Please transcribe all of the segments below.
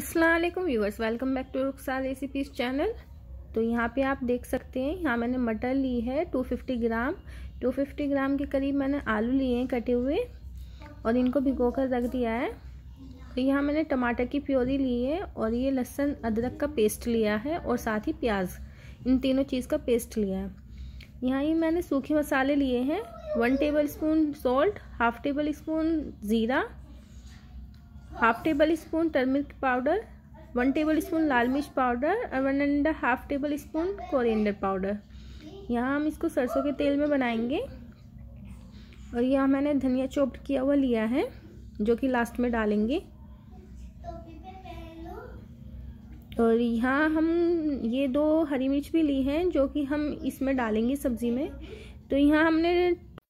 Aslam viewers welcome back to Rukhsar recipes channel तो यहाँ पे आप देख सकते हैं यहाँ मैंने मटर ली है 250 ग्राम 250 ग्राम के करीब मैंने आलू लिए हैं कटे हुए और इनको भिगो कर रख दिया है तो यहाँ मैंने टमाटर की प्योरी ली है और ये लहसुन अदरक का पेस्ट लिया है और साथ ही प्याज इन तीनों चीज़ का पेस्ट लिया है यहाँ ही मैंने सूखे मसाले लिए हैं one tablespoon salt half tablespoon ज़ीरा half tablespoon turmeric powder one tablespoon लाल मिर्च पाउडर और one and half tablespoon coriander powder यहाँ हम इसको सरसों के तेल में बनाएंगे और यहाँ मैंने धनिया चॉप्ड किया हुआ लिया है जो कि लास्ट में डालेंगे और यहाँ हम ये दो हरी मिर्च भी ली हैं जो कि हम इसमें डालेंगे सब्ज़ी में तो यहाँ हमने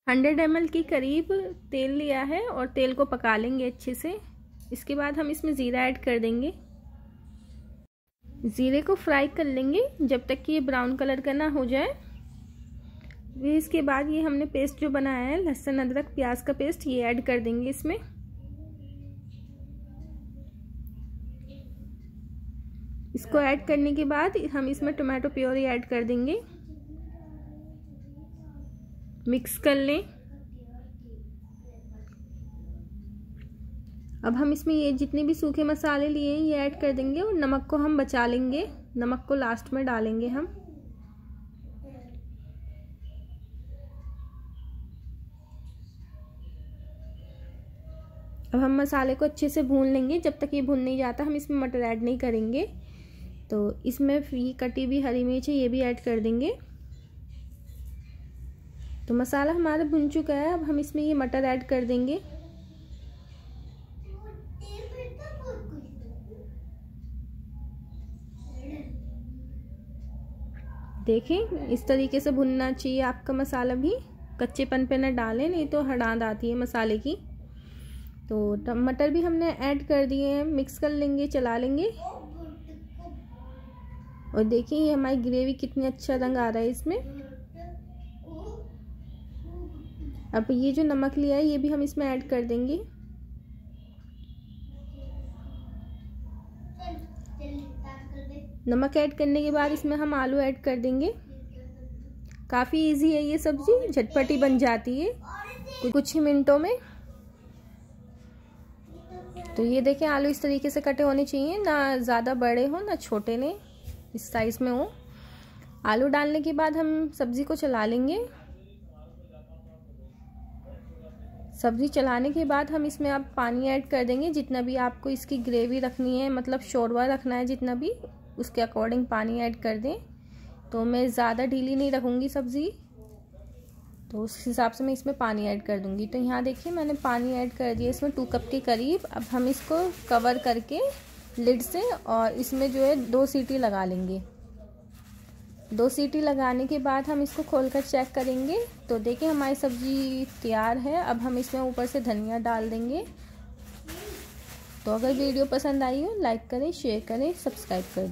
हंड्रेड एम के करीब तेल लिया है और तेल को पका लेंगे अच्छे से इसके बाद हम इसमें ज़ीरा ऐड कर देंगे ज़ीरे को फ्राई कर लेंगे जब तक कि ये ब्राउन कलर का ना हो जाए फिर इसके बाद ये हमने पेस्ट जो बनाया है लहसुन अदरक प्याज का पेस्ट ये ऐड कर देंगे इसमें इसको ऐड करने के बाद हम इसमें टोमेटो प्योरी ऐड कर देंगे मिक्स कर लें अब हम इसमें ये जितने भी सूखे मसाले लिए हैं ये ऐड कर देंगे और नमक को हम बचा लेंगे नमक को लास्ट में डालेंगे हम अब हम मसाले को अच्छे से भून लेंगे जब तक ये भून नहीं जाता हम इसमें मटर ऐड नहीं करेंगे तो इसमें फ्री कटी हुई हरी मिर्च है ये भी ऐड कर देंगे तो मसाला हमारा भुन चुका है अब हम इसमें ये मटर ऐड कर देंगे देखें इस तरीके से भुनना चाहिए आपका मसाला भी कच्चेपन पे ना डालें नहीं तो हड़ाद आती है मसाले की तो मटर भी हमने ऐड कर दिए हैं मिक्स कर लेंगे चला लेंगे और देखिए ये हमारी ग्रेवी कितनी अच्छा रंग आ रहा है इसमें अब ये जो नमक लिया है ये भी हम इसमें ऐड कर देंगे नमक ऐड करने के बाद इसमें हम आलू ऐड कर देंगे काफ़ी इजी है ये सब्ज़ी झटपटी बन जाती है कुछ ही मिनटों में तो ये देखें आलू इस तरीके से कटे होने चाहिए ना ज़्यादा बड़े हों ना छोटे ने इस साइज़ में हो आलू डालने के बाद हम सब्ज़ी को चला लेंगे सब्ज़ी चलाने के बाद हम इसमें आप पानी ऐड कर देंगे जितना भी आपको इसकी ग्रेवी रखनी है मतलब शोरवा रखना है जितना भी उसके अकॉर्डिंग पानी ऐड कर दें तो मैं ज़्यादा ढीली नहीं रखूँगी सब्ज़ी तो उस हिसाब से मैं इसमें पानी ऐड कर दूँगी तो यहाँ देखिए मैंने पानी ऐड कर दिया इसमें टू कप के करीब अब हम इसको कवर करके लिड से और इसमें जो है दो सीटी लगा लेंगे दो सीटी लगाने के बाद हम इसको खोलकर चेक करेंगे तो देखिए हमारी सब्ज़ी तैयार है अब हम इसमें ऊपर से धनिया डाल देंगे तो अगर वीडियो पसंद आई हो लाइक करें शेयर करें सब्सक्राइब करें